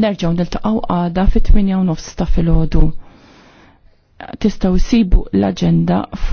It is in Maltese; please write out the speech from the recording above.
nerġaw niltaqgħu għada fit-8 ta' filgħodu. Tistgħu sibu l agenda fuq